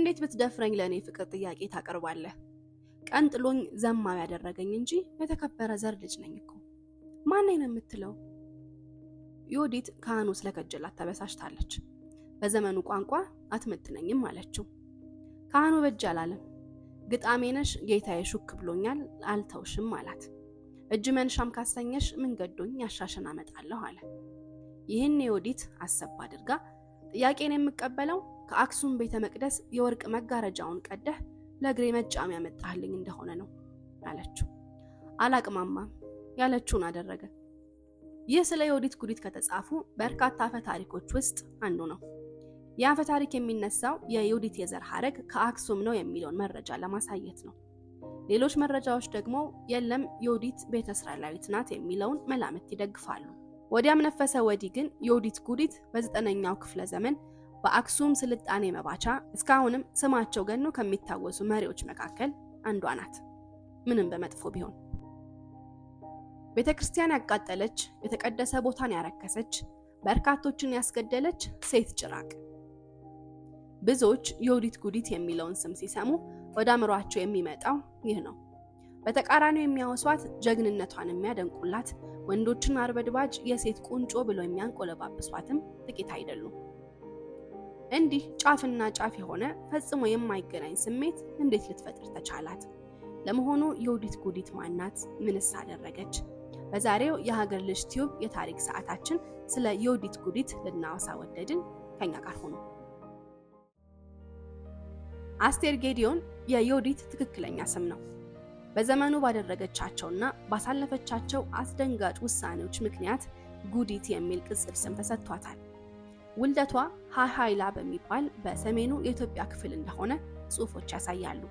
እንዴት ብትደፍረኝ ለእኔ ፍቅር ጥያቄ ታቀርባለህ? ቀን ጥሎኝ ዘማዊ ያደረገኝ እንጂ የተከበረ ዘር ልጅ ነኝ እኮ ማነኝ ነው የምትለው? ዮዲት ካህኑ ስለከጀላት ተበሳጭታለች። በዘመኑ ቋንቋ አትመጥነኝም አለችው። ካህኑ በጅ አላለም። ግጣሜነሽ ጌታዬ ሹክ ብሎኛል አልተውሽም አላት። እጅ መንሻም ካሰኘሽ ምን ገዶኝ ያሻሽን አመጣለሁ አለ። ይህን የወዲት አሰብ አድርጋ ጥያቄን የምቀበለው ከአክሱም ቤተ መቅደስ የወርቅ መጋረጃውን ቀደህ ለእግሬ መጫም ያመጣልኝ እንደሆነ ነው አለችው። አላቅማማ ያለችውን አደረገ። ይህ ስለ የወዲት ጉዲት ከተጻፉ በርካታ አፈ ታሪኮች ውስጥ አንዱ ነው። የአፈ ታሪክ የሚነሳው የይሁዲት የዘር ሐረግ ከአክሱም ነው የሚለውን መረጃ ለማሳየት ነው። ሌሎች መረጃዎች ደግሞ የለም ይሁዲት ቤተ እስራኤላዊት ናት የሚለውን መላምት ይደግፋሉ። ወዲያም ነፈሰ ወዲህ ግን ይሁዲት ጉዲት በዘጠነኛው ክፍለ ዘመን በአክሱም ስልጣኔ መባቻ እስካሁንም ስማቸው ገኖ ከሚታወሱ መሪዎች መካከል አንዷ ናት። ምንም በመጥፎ ቢሆን ቤተ ክርስቲያን ያቃጠለች፣ የተቀደሰ ቦታን ያረከሰች፣ በርካቶችን ያስገደለች ሴት ጭራቅ። ብዙዎች የዮዲት ጉዲት የሚለውን ስም ሲሰሙ ወደ አምሯቸው የሚመጣው ይህ ነው። በተቃራኒው የሚያወሷት ጀግንነቷን የሚያደንቁላት፣ ወንዶችን አርበድባጅ የሴት ቁንጮ ብሎ የሚያንቆለባብሷትም ጥቂት አይደሉም። እንዲህ ጫፍና ጫፍ የሆነ ፈጽሞ የማይገናኝ ስሜት እንዴት ልትፈጥር ተቻላት? ለመሆኑ የውዲት ጉዲት ማናት? ምንስ አደረገች? በዛሬው የሀገር ልጅ ቲዩብ የታሪክ ሰዓታችን ስለ የውዲት ጉዲት ልናወሳ ወደድን። ከኛ ጋር ሆኑ። አስቴር ጌዲዮን የዮዲት ትክክለኛ ስም ነው። በዘመኑ ባደረገቻቸውና ባሳለፈቻቸው አስደንጋጭ ውሳኔዎች ምክንያት ጉዲት የሚል ቅጽል ስም ተሰጥቷታል። ውልደቷ ሃሃይላ በሚባል በሰሜኑ የኢትዮጵያ ክፍል እንደሆነ ጽሑፎች ያሳያሉ።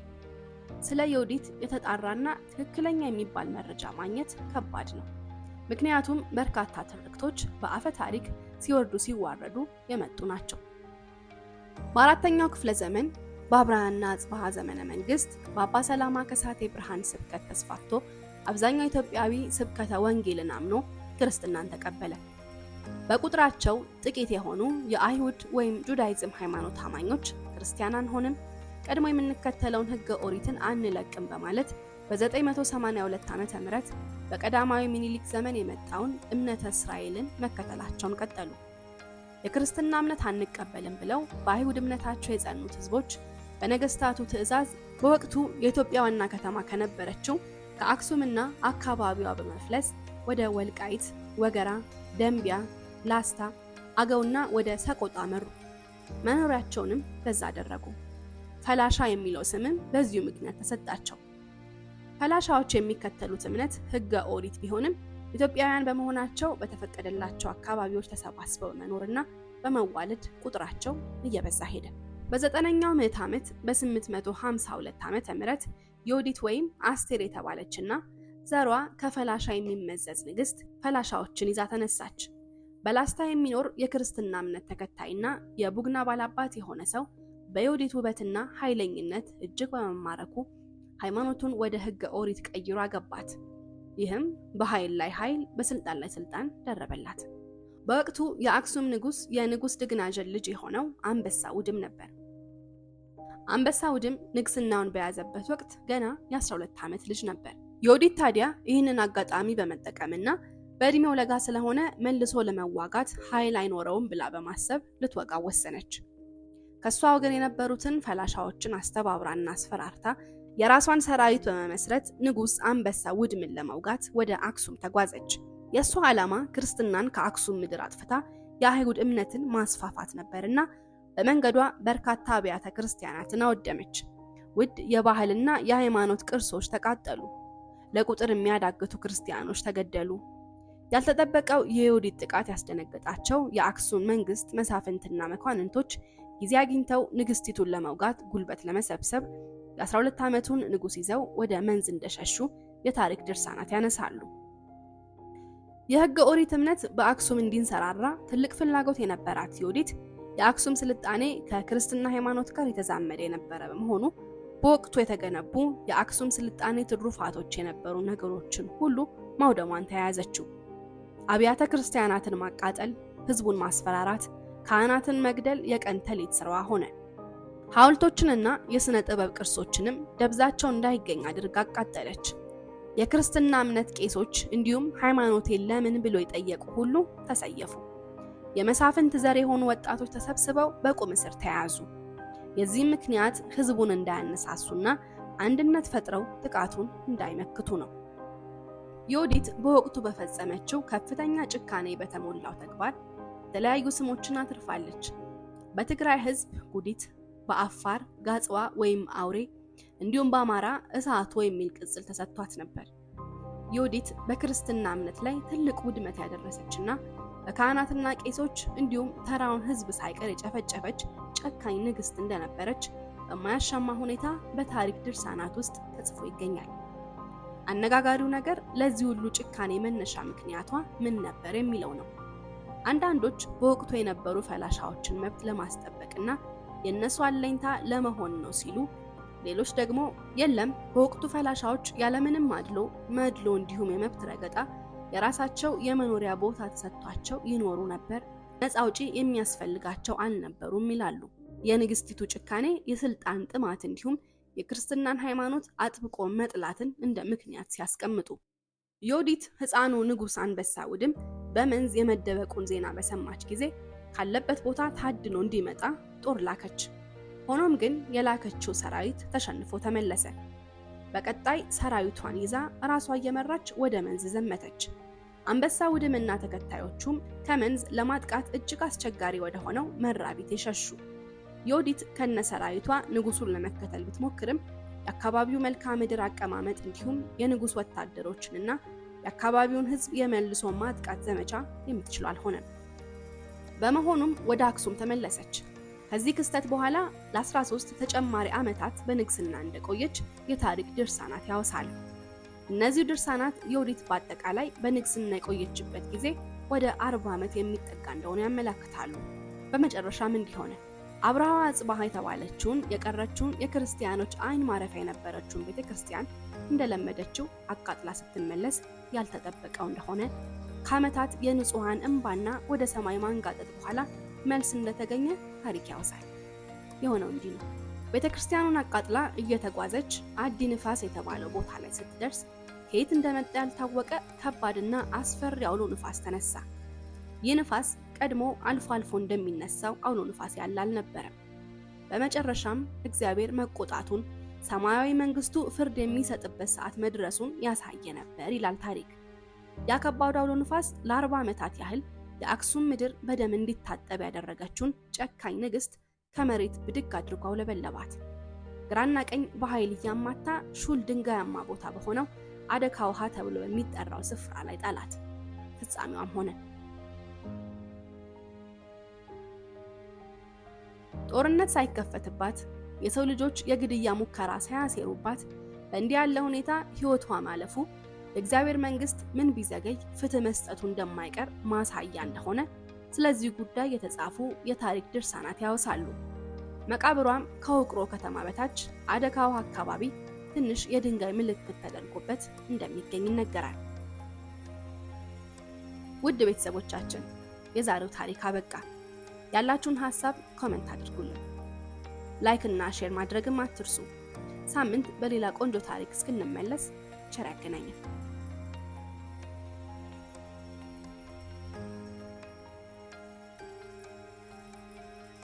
ስለ ዮዲት የተጣራና ትክክለኛ የሚባል መረጃ ማግኘት ከባድ ነው። ምክንያቱም በርካታ ትርክቶች በአፈ ታሪክ ሲወርዱ ሲዋረዱ የመጡ ናቸው። በአራተኛው ክፍለ ዘመን በአብርሃና አጽብሃ ዘመነ መንግስት በአባ ሰላማ ከሳቴ ብርሃን ስብከት ተስፋፍቶ አብዛኛው ኢትዮጵያዊ ስብከተ ወንጌልን አምኖ ክርስትናን ተቀበለ። በቁጥራቸው ጥቂት የሆኑ የአይሁድ ወይም ጁዳይዝም ሃይማኖት አማኞች ክርስቲያን አንሆንም፣ ቀድሞ የምንከተለውን ህገ ኦሪትን አንለቅም በማለት በ982 ዓመተ ምህረት በቀዳማዊ ሚኒሊክ ዘመን የመጣውን እምነተ እስራኤልን መከተላቸውን ቀጠሉ። የክርስትና እምነት አንቀበልም ብለው በአይሁድ እምነታቸው የጸኑት ህዝቦች በነገስታቱ ትእዛዝ በወቅቱ የኢትዮጵያ ዋና ከተማ ከነበረችው ከአክሱምና አካባቢዋ በመፍለስ ወደ ወልቃይት፣ ወገራ፣ ደንቢያ ላስታ፣ አገውና ወደ ሰቆጣ መሩ። መኖሪያቸውንም በዛ አደረጉ። ፈላሻ የሚለው ስምም በዚሁ ምክንያት ተሰጣቸው። ፈላሻዎች የሚከተሉት እምነት ሕገ ኦሪት ቢሆንም ኢትዮጵያውያን በመሆናቸው በተፈቀደላቸው አካባቢዎች ተሰባስበው መኖርና በመዋለድ ቁጥራቸው እየበዛ ሄደ። በዘጠነኛው ምዕት ዓመት በ852 ዓመተ ምህረት ዮዲት ወይም አስቴር የተባለችና ዘሯ ከፈላሻ የሚመዘዝ ንግሥት ፈላሻዎችን ይዛ ተነሳች። በላስታ የሚኖር የክርስትና እምነት ተከታይና የቡግና ባላባት የሆነ ሰው በዮዲት ውበትና ኃይለኝነት እጅግ በመማረኩ ሃይማኖቱን ወደ ህገ ኦሪት ቀይሮ አገባት። ይህም በኃይል ላይ ኃይል፣ በስልጣን ላይ ስልጣን ደረበላት። በወቅቱ የአክሱም ንጉስ የንጉስ ድግናጀን ልጅ የሆነው አንበሳ ውድም ነበር። አንበሳ ውድም ንግስናውን በያዘበት ወቅት ገና የ12 ዓመት ልጅ ነበር። ዮዲት ታዲያ ይህንን አጋጣሚ በመጠቀምና በእድሜው ለጋ ስለሆነ መልሶ ለመዋጋት ኃይል አይኖረውም ብላ በማሰብ ልትወጋ ወሰነች። ከእሷ ወገን የነበሩትን ፈላሻዎችን አስተባብራና አስፈራርታ የራሷን ሰራዊት በመመስረት ንጉሥ አንበሳ ውድምን ለመውጋት ወደ አክሱም ተጓዘች። የእሷ ዓላማ ክርስትናን ከአክሱም ምድር አጥፍታ የአይሁድ እምነትን ማስፋፋት ነበርና በመንገዷ በርካታ አብያተ ክርስቲያናትን አወደመች። ውድ የባህልና የሃይማኖት ቅርሶች ተቃጠሉ። ለቁጥር የሚያዳግቱ ክርስቲያኖች ተገደሉ። ያልተጠበቀው የይሁዲት ጥቃት ያስደነገጣቸው የአክሱም መንግስት መሳፍንትና መኳንንቶች ጊዜ አግኝተው ንግስቲቱን ለመውጋት ጉልበት ለመሰብሰብ የ12 ዓመቱን ንጉስ ይዘው ወደ መንዝ እንደሸሹ የታሪክ ድርሳናት ያነሳሉ። የሕገ ኦሪት እምነት በአክሱም እንዲንሰራራ ትልቅ ፍላጎት የነበራት ይሁዲት የአክሱም ስልጣኔ ከክርስትና ሃይማኖት ጋር የተዛመደ የነበረ በመሆኑ በወቅቱ የተገነቡ የአክሱም ስልጣኔ ትሩፋቶች የነበሩ ነገሮችን ሁሉ ማውደሟን ተያያዘችው። አብያተ ክርስቲያናትን ማቃጠል፣ ህዝቡን ማስፈራራት፣ ካህናትን መግደል የቀን ተሌት ስራዋ ሆነ። ሐውልቶችንና የሥነ ጥበብ ቅርሶችንም ደብዛቸው እንዳይገኝ አድርጋ አቃጠለች። የክርስትና እምነት ቄሶች እንዲሁም ሃይማኖቴን ለምን ብሎ የጠየቁ ሁሉ ተሰየፉ። የመሳፍንት ዘር የሆኑ ወጣቶች ተሰብስበው በቁም እስር ተያዙ። የዚህም ምክንያት ህዝቡን እንዳያነሳሱና አንድነት ፈጥረው ጥቃቱን እንዳይመክቱ ነው። ዮዲት በወቅቱ በፈጸመችው ከፍተኛ ጭካኔ በተሞላው ተግባር የተለያዩ ስሞችን አትርፋለች። በትግራይ ህዝብ ጉዲት፣ በአፋር ጋጽዋ ወይም አውሬ እንዲሁም በአማራ እሳቶ የሚል ቅጽል ተሰጥቷት ነበር። ዮዲት በክርስትና እምነት ላይ ትልቅ ውድመት ያደረሰችና በካህናትና ቄሶች እንዲሁም ተራውን ህዝብ ሳይቀር የጨፈጨፈች ጨካኝ ንግስት እንደነበረች በማያሻማ ሁኔታ በታሪክ ድርሳናት ውስጥ ተጽፎ ይገኛል። አነጋጋሪው ነገር ለዚህ ሁሉ ጭካኔ መነሻ ምክንያቷ ምን ነበር የሚለው ነው። አንዳንዶች በወቅቱ የነበሩ ፈላሻዎችን መብት ለማስጠበቅና የእነሱ አለኝታ ለመሆን ነው ሲሉ፣ ሌሎች ደግሞ የለም በወቅቱ ፈላሻዎች ያለምንም አድሎ መድሎ እንዲሁም የመብት ረገጣ የራሳቸው የመኖሪያ ቦታ ተሰጥቷቸው ይኖሩ ነበር፣ ነፃ አውጪ የሚያስፈልጋቸው አልነበሩም ይላሉ። የንግስቲቱ ጭካኔ የስልጣን ጥማት እንዲሁም የክርስትናን ሃይማኖት አጥብቆ መጥላትን እንደ ምክንያት ሲያስቀምጡ፣ ዮዲት ሕፃኑ ንጉሥ አንበሳ ውድም በመንዝ የመደበቁን ዜና በሰማች ጊዜ ካለበት ቦታ ታድኖ እንዲመጣ ጦር ላከች። ሆኖም ግን የላከችው ሰራዊት ተሸንፎ ተመለሰ። በቀጣይ ሰራዊቷን ይዛ ራሷ እየመራች ወደ መንዝ ዘመተች። አንበሳ ውድምና ተከታዮቹም ከመንዝ ለማጥቃት እጅግ አስቸጋሪ ወደ ሆነው መራቢት የሸሹ ዮዲት ከነሰራዊቷ ንጉሱን ለመከተል ብትሞክርም የአካባቢው መልክዓ ምድር አቀማመጥ እንዲሁም የንጉስ ወታደሮችንና የአካባቢውን ህዝብ የመልሶ ማጥቃት ዘመቻ የምትችሉ አልሆነም። በመሆኑም ወደ አክሱም ተመለሰች። ከዚህ ክስተት በኋላ ለ13 ተጨማሪ ዓመታት በንግስና እንደቆየች የታሪክ ድርሳናት ያወሳል። እነዚህ ድርሳናት ዮዲት በአጠቃላይ በንግስና የቆየችበት ጊዜ ወደ 40 ዓመት የሚጠጋ እንደሆነ ያመላክታሉ። በመጨረሻም እንዲህ ሆነ። አብርሃ አጽባሃ የተባለችውን የቀረችውን የክርስቲያኖች አይን ማረፊያ የነበረችውን ቤተ ክርስቲያን እንደለመደችው አቃጥላ ስትመለስ ያልተጠበቀው እንደሆነ ከዓመታት የንጹሐን እንባና ወደ ሰማይ ማንጋጠጥ በኋላ መልስ እንደተገኘ ታሪክ ያውሳል። የሆነው እንዲህ ነው። ቤተ ክርስቲያኑን አቃጥላ እየተጓዘች አዲ ንፋስ የተባለው ቦታ ላይ ስትደርስ ከየት እንደመጣ ያልታወቀ ከባድና አስፈሪ አውሎ ንፋስ ተነሳ። ይህ ንፋስ ቀድሞ አልፎ አልፎ እንደሚነሳው አውሎ ንፋስ ያለ አልነበረም። በመጨረሻም እግዚአብሔር መቆጣቱን፣ ሰማያዊ መንግስቱ ፍርድ የሚሰጥበት ሰዓት መድረሱን ያሳየ ነበር ይላል ታሪክ። ያከባዱ አውሎ ንፋስ ለ ለ40 ዓመታት ያህል የአክሱም ምድር በደም እንዲታጠብ ያደረገችውን ጨካኝ ንግስት ከመሬት ብድግ አድርጎ አውለበለባት። ግራና ቀኝ በኃይል እያማታ ሹል ድንጋያማ ቦታ በሆነው አደካ ውሃ ተብሎ በሚጠራው ስፍራ ላይ ጣላት። ፍጻሜዋም ሆነ። ጦርነት ሳይከፈትባት የሰው ልጆች የግድያ ሙከራ ሳያሴሩባት በእንዲህ ያለ ሁኔታ ሕይወቷ ማለፉ የእግዚአብሔር መንግስት ምን ቢዘገይ ፍትህ መስጠቱ እንደማይቀር ማሳያ እንደሆነ ስለዚህ ጉዳይ የተጻፉ የታሪክ ድርሳናት ያወሳሉ። መቃብሯም ከውቅሮ ከተማ በታች አደካው አካባቢ ትንሽ የድንጋይ ምልክት ተደርጎበት እንደሚገኝ ይነገራል። ውድ ቤተሰቦቻችን የዛሬው ታሪክ አበቃ። ያላችሁን ሀሳብ ኮመንት አድርጉልን። ላይክ እና ሼር ማድረግም አትርሱ። ሳምንት በሌላ ቆንጆ ታሪክ እስክንመለስ ቸር ያገናኘን።